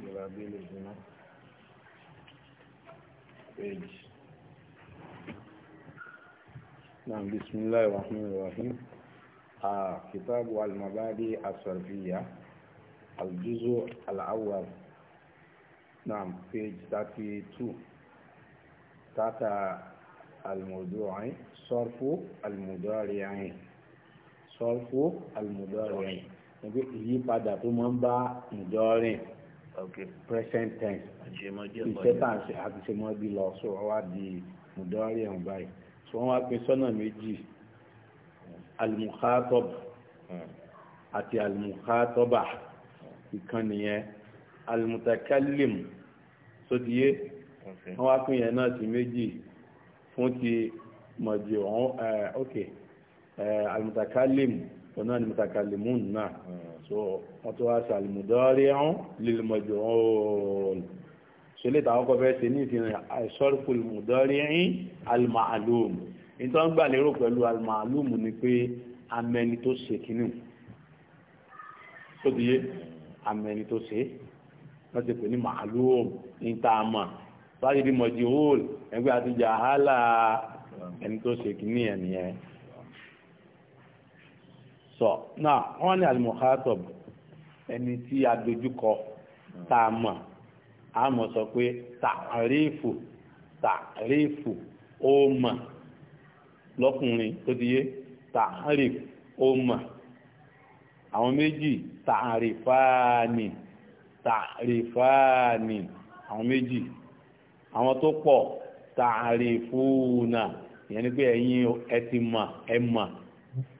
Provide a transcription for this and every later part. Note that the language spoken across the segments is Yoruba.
ìrora bí lè dúná page náà bisimilahi rahman rahim a kitabu al-mabadi asarfiya al-juzu al-awwal نعم page 32 تاتا الموضوع صرف المضارع صرف المضارع yípadà tó máa ń bá ìjọ rìn okay present tense ìṣẹ́ta ṣe àtìṣemọ́bí lọ so wọ́n wá di mùdọ́rí ẹ̀hún báyìí so wọ́n wá pín sọ́nà méjì alimukhatob àti alimukhatoba ìkan nìyẹn alimutakalim sotiye wọ́n wá pín yẹn náà sí méjì fún ti mọ̀jì ọ̀hún ok alimutakalim. Uh, ọ̀nà ni mùtàkàlìmùn na, so wọ́n tó wá sàlìmùdọ́rí ọ̀hún lílùmọ̀jọ̀ ọ̀hún so lè tàwọn kọfẹ́ ṣe ní ìfihàn àìsọ́rùkùlùmùdọ́rí ẹ̀yìn almaalum nítorí wọ́n gbà lérò pẹ̀lú almaalum ni pé amẹni tó ṣe kínú tó diye amẹni tó ṣe wọ́n ti pè ní maalum ní tààmà wọ́n ti di mọ̀jì hóòl ẹgbẹ́ àti jàhálà ẹni tó ṣe kínú ẹ̀ nìyẹn sọ náà wọ́n ní alimọ̀hátọ̀b ẹni tí a dojúkọ tá a mọ̀ a mọ̀ sọ pé tàrífù tàrífù ó mọ̀ lọ́kùnrin tó ti yé tàrífù ó mọ̀ àwọn méjì tàrífáàní tàrífáàní àwọn méjì àwọn tó pọ̀ tàrífúùnà ìyẹn ni pé ẹ̀yin ẹ ti mọ̀ ẹ mọ̀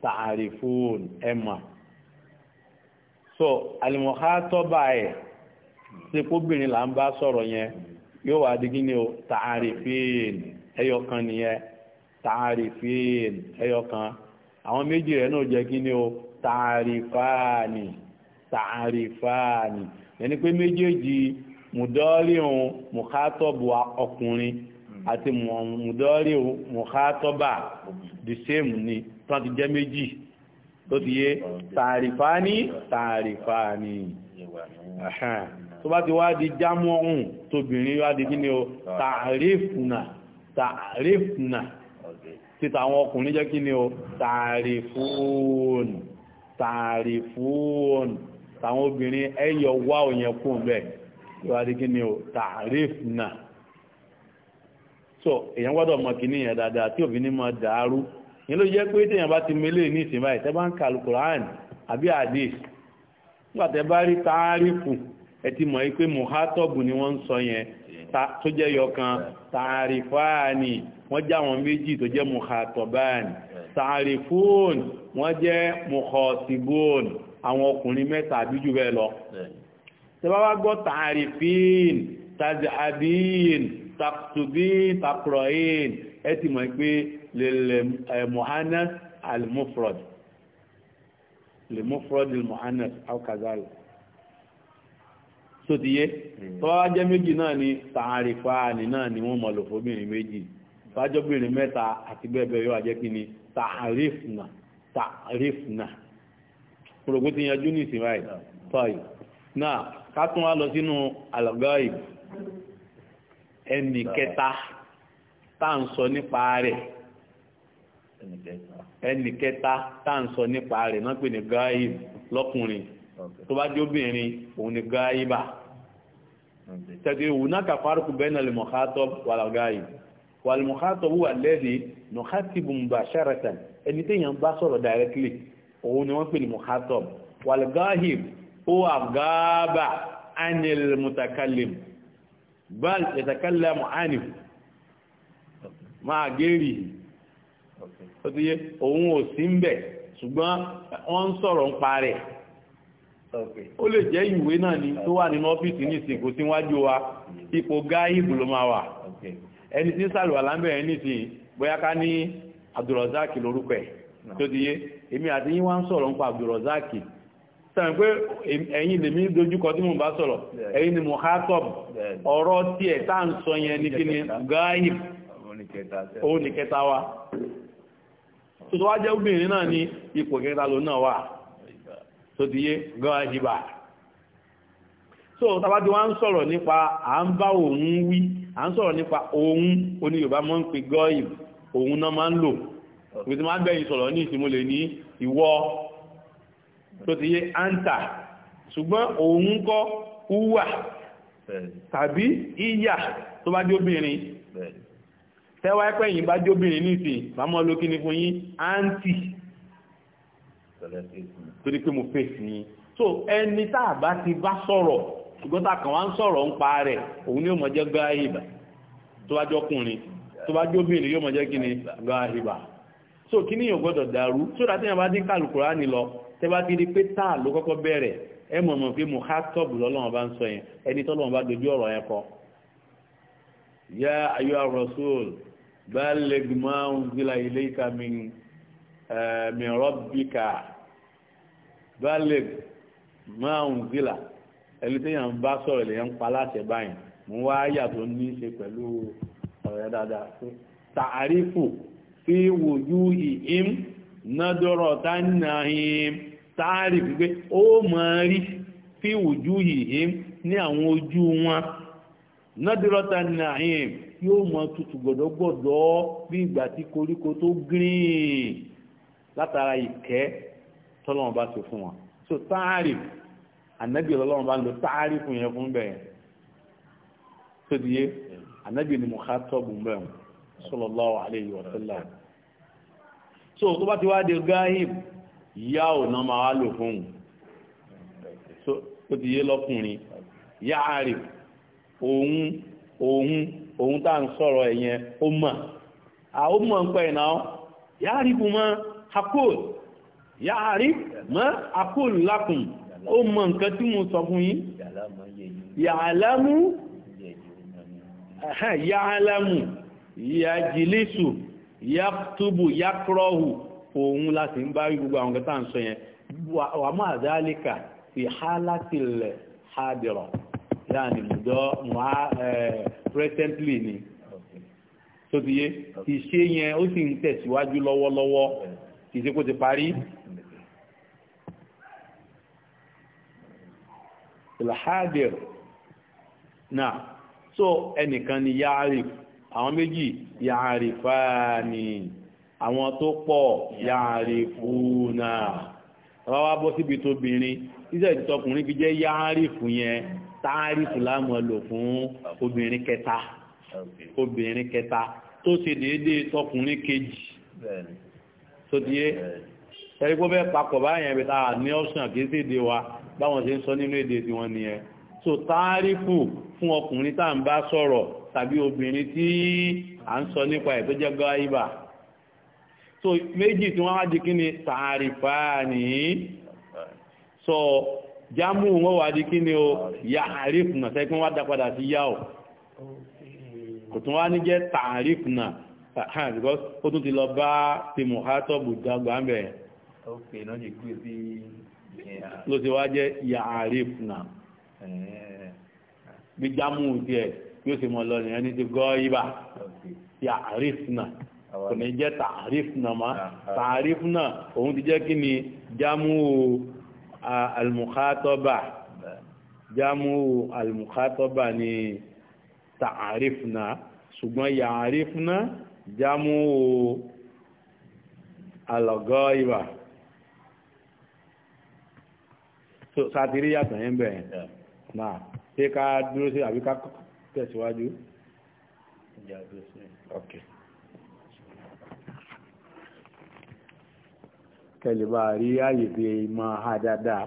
tààrífún ẹ̀mà so alimọ̀hátọ́bà ẹ̀ tí kóbìnrin là ń bá sọ̀rọ̀ yẹn di gini o tààrífín ẹyọkan nìyẹn tààrífín ẹyọkan àwọn méjì rẹ̀ náà jẹ́ gíní o pe tààrífáàní ẹni pé méjèèjì mùdọ́rìhùn okunrin ati àti mùdọ́rìhùn mùhátọ́bà the same ni tọ́tí jẹ́ méjì tó ti yé tààrífà ní tó bá ti wá di jámọ́ ọ̀hún tóbìnrin wá di kíni o tààrífùnà tààrífùnà títa àwọn ọkùnrin jẹ́ kíni o tààrífùnà tààrífùnà tàwọn obìnrin ẹyọ wá òyìn kún bẹ́ẹ̀ so èyàn gbọ́dọ̀ mọ̀ kíní yẹn dáadáa tí òfin ní mọ̀ dàárú ní ló jẹ́ pé téèyàn bá ti mélé ní ìsìn báyìí tẹ́ bá ń ka alukoran àbí àdé nígbà tẹ́ bá rí táàrífù ẹ ti mọ̀ pé mohatọ́bù ni wọ́n ń sọ yẹn tó jẹ́ yọkan táàrífáàní wọ́n jẹ́ àwọn méjì tó jẹ́ mohatọ́báàní táàrífóòn wọ́n jẹ́ mohọ́sibóòn àwọn ọkùnrin mẹ́ta àbí bẹ́ẹ̀ lọ tẹ́ bá wá gbọ́ táàrífíìn tàbí àbíìn tàkùtùbíìn ẹ ti mọ̀ pé للمؤنث المفرد للمفرد المؤنث أو كذلك sotiye tọ́wọ́ jẹ́ méjì náà ni tààrífà ní náà ni wọ́n mọ̀ lò fóbìnrin méjì fájọ́bìnrin mẹ́ta àti bẹ́ẹ̀bẹ́ẹ̀ yóò àjẹ́ kí ni tààrífùnà tààrífùnà pòrògbó ti yanjú ní ìsinmi àìsà tọ́yì náà ká wá lọ sínú alọ́gọ́ì ẹnì kẹta tá ń sọ nípa rẹ̀ ẹnì kẹta tá à ń sọ nípa rẹ̀ náà pè ní gáíb lọ́kùnrin tó bá jẹ́ obìnrin òun ni gáíbà tẹ̀sí òun náà kàfàrù kù bẹ́ẹ̀ náà lè mọ̀kátọ́ wàlá gáíb wàlá mọ̀kátọ́ wù wà lẹ́ẹ̀dì mọ̀kátìbù mubasharatan ẹni téèyàn bá sọ̀rọ̀ directly òun ni wọ́n pè ní mọ̀kátọ́ wàlá gáíb ó wà gáábà ánìl mutakallim bal yatakallamu anhu máa gẹ́rì ó ti yé òun ò sí ń bẹ̀ ṣùgbọ́n wọ́n ń sọ̀rọ̀ ń pa rẹ̀ ó lè jẹ́ ìwé náà ni tó wà nínú ọ́fíìsì ní ìsìnkú síwájú wa ipò gáìbù ló máa wà ẹni tí ń sàlùwà lábẹ́rẹ̀ nísìnyí bóyá ká ní Abdulrazaki lórúkọ ẹ̀ tó ti yé èmi àti yín wá ń sọ̀rọ̀ ń pa Abdulrazaki sọ̀rọ̀ pé ẹ̀yin lèmi dojúkọ tí mo bá sọ̀rọ̀ ẹ̀yin ni mohatom ọ̀rọ̀ tí tá à ń sọ yẹn ní kí ni gáìbù òun ní kẹta wa tó tó wá jẹ́ obìnrin náà ní ipò kẹta ló náà wà tó ti yé gan ìbà so tàbá tí wọ́n ń sọ̀rọ̀ nípa à ń bá òun wí à ń sọ̀rọ̀ nípa òun oní Yorùbá máa ń pe gọ́ọ̀yì òun náà máa ń lò òbí tí máa ń bẹ̀yìn sọ̀rọ̀ ní ìsinmi lè ní ìwọ tó ti yé áńtà ṣùgbọ́n òun kọ́ wúwà tàbí ìyà tó bá dé obìnrin tẹ́wá ẹ̀pẹ́ yìí bá jóbìnrin nísìn màmá ló ni fún yín àǹtì torí pé mo fèsì yín so ẹni tá a bá ti bá sọ̀rọ̀ ṣùgbọ́n tá a kàn wá ń sọ̀rọ̀ ń pa rẹ̀ òun ni yóò mọ̀ jẹ́ gáàhìbà tó bá jọkùnrin tó bá jóbìnrin yóò mọ̀ jẹ́ kíni gáàhìbà so kíní yóò gbọ́dọ̀ dàrú so dàtí yẹn bá dín kálukúrá ni lọ tẹ́ ti di pé tá a ló kọ́kọ́ bẹ̀rẹ̀ ẹ mọ̀ mọ̀ pé mo há tọ́ọ̀bù lọ́lọ́wọ́n bá ń sọ yẹn ẹni tọ́lọ́wọ́n bá dojú ọ̀rọ̀ yẹn kọ́ يا أيها الرسول بلغ ما أنزل إليك من آه من ربك بلغ ما أنزل ẹni tí yàn bá sọ̀rọ̀ lè yàn pa láṣẹ báyìí mo wá yà tó ní í ṣe pẹ̀lú ọ̀rọ̀ yẹn dáadáa pé tààrífù fi wòjú ìhìm nádọ́rọ̀ tánàhìm tààrífù pé ó máa rí fi wòjú ìhìm ní àwọn ojú wọn nọ́dúrọ́ta nàìm yóò mọ tutù gbọ̀dọ̀gbọ̀dọ̀ bí ìgbà tí koríko tó gírìn látara ìkẹ́ tọ́lọ́wọ́n bá ṣe fún wọn so táàrì ànábì ọlọ́wọ́n bá ń lo táàrì fún yẹn fún bẹ́ẹ̀ tó di yé ànábì ni mo ká tọ́bù ń bẹ́ẹ̀ sallallahu alayhi wa sallam so tó bá ti wá de gáhìm ìyá ò náà máa lò fún un tó di yé So, òun òun òun tá à ń sọ̀rọ̀ ẹ̀ yẹn ó mọ̀ àwọn mọ̀ ń pẹ́ ẹ̀ náà yáa rí fún mọ́ akóòl yáa rí mọ́ akóòl lákùn ó mọ̀ nǹkan tí mo sọ fún yín yàlámù yàlámù yàjìlísù yàtúbù yàkúrọ̀hù òun láti ń bá rí gbogbo àwọn kẹta ń sọ yẹn wà máa dálíkà fi hálátìlẹ̀ hádìrọ̀ yaani mùjọ mùá presently eh, ni sotiye ìṣe yẹn ó sì ń tẹ̀síwájú lọ́wọ́lọ́wọ́ kì í ṣe kó ti parí. alhadir náà so ẹnìkan ni yaari àwọn méjì yaari fáàní àwọn tó pọ̀ yaari fúnà bàbá wa bọ́ síbi tóbìnrin iṣẹ́ ìtọkùnrin fi jẹ́ yaari fún yẹn táàrífù láàmú ẹ lò fún obìnrin kẹta obìnrin kẹta tó ṣe déédéé tọkùnrin kejì tó di é ẹ̀rí pé bẹ́ẹ̀ papọ̀ báyẹn bí táà ní option kì í sì dé wa báwọn ṣe ń sọ nínú èdè tiwọn nìyẹn so táàrífù fún ọkùnrin tá à ń bá sọ̀rọ̀ tàbí obìnrin tí à ń sọ nípa ẹ̀ tó jẹ́ gáíbà so méjì tí wọ́n wá di kí ni tààrífà nìyí so jámù wọn wà di kí ni o ya àrífù náà sẹ́kí wọ́n wá dá padà sí yá o kò tún wá ní jẹ́ tààrífù náà hàn because ó tún ti lọ bá ti mùhátọ́bù dàgbà ń bẹ̀ ló ti wá jẹ́ ya àrífù náà eh. bí jámù tiẹ̀ yóò sì mọ̀ lọ nìyẹn ní ti gọ́ ibà ya àrífù náà kò ní jẹ́ tààrífù náà mọ́ tààrífù náà òun ti jẹ́ kí ni jámù o almukhatoba jámù almukhatoba ni ta'arifna ṣùgbọ́n ya'arifna jámù alọ̀gọ́ìbà sátìrí yàtọ̀ yẹn bẹ̀rẹ̀ náà ṣé ká dúró sí àbí ká tẹ̀síwájú ok kẹlẹ̀ bá rí ààyè bí máa há dáadáa